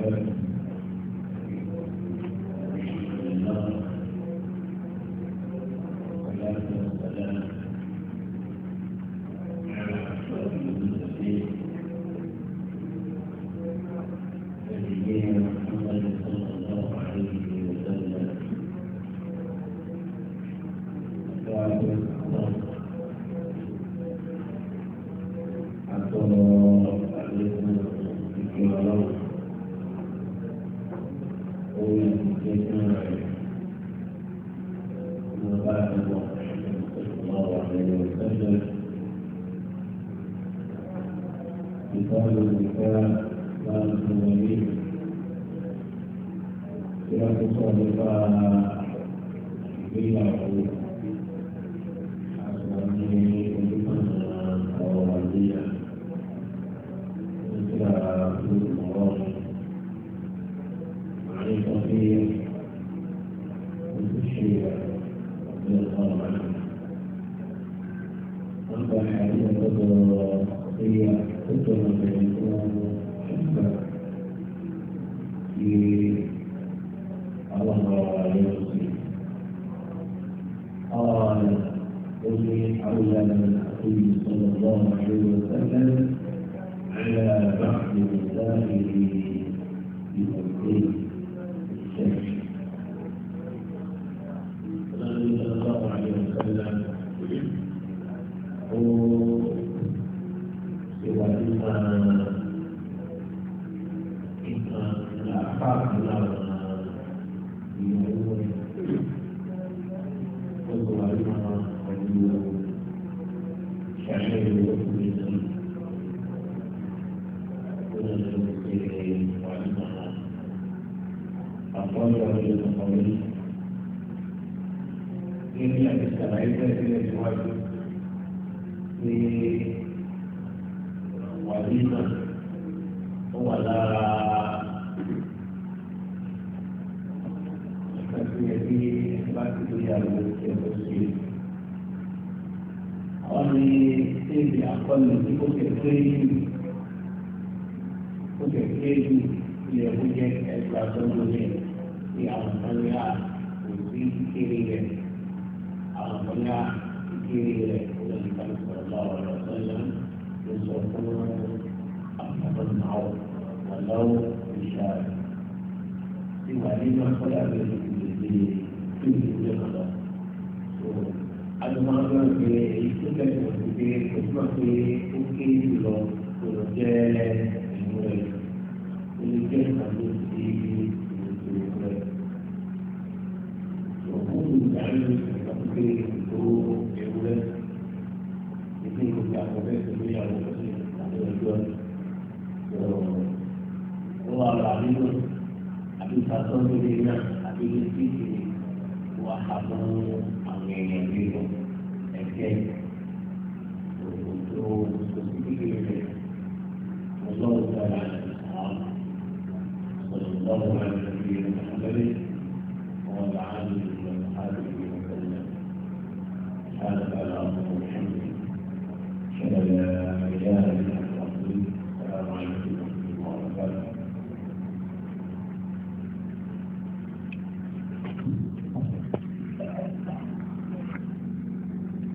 Thank you. كتاب النكاح كان الجمالي كتاب الصالحة بين عقولها y ṣe wà àdínà ó wà lára ẹ̀ka tó yẹ kí ẹ̀ka tó lórí àwọn ẹ̀ka tó ṣe. àwọn ní ẹ̀bí àkọlù tí ó ṣe kéré jù ó ṣe kéré jù ilé ẹ̀kọ́ jẹ́ ẹ̀ka tó lórí ti àwọn ìpínlẹ̀ kò sí kéré rẹ̀ àwọn ìpínlẹ̀ kéré rẹ̀ ó lọ́nà. nínú akọ́lá rẹ̀ lè fi ìdílé lọ. Àdùnmọ́ ọ̀gá ìgbé èyí tó bẹ̀rẹ̀ wọ̀ sí pé ó túmọ̀ pé ó ké jùlọ kò lọ jẹ́ ìlú rẹ̀. Ó lè jẹ́ ìpàdé sí ìlú rẹ̀. Òkú ìdárí ìpàdé ìlú ewu rẹ̀. Ìdí ìlú àkọ́bẹ̀ pẹ̀lú ìyàwó ọ̀sẹ̀ àti ọjọ́. Ó ìfàsọ́jú lé náà àti ilé títì wà á fún àwọn èèyàn lílo ẹ̀jẹ̀ òkòtò òsìkìlì rẹ̀ ọlọ́run sára àwọn ọ̀dọ́gbọ̀n àti ìrìnàmọ́lẹ́ wọn làá lè lọ sáà lè lọ sẹ́yìn.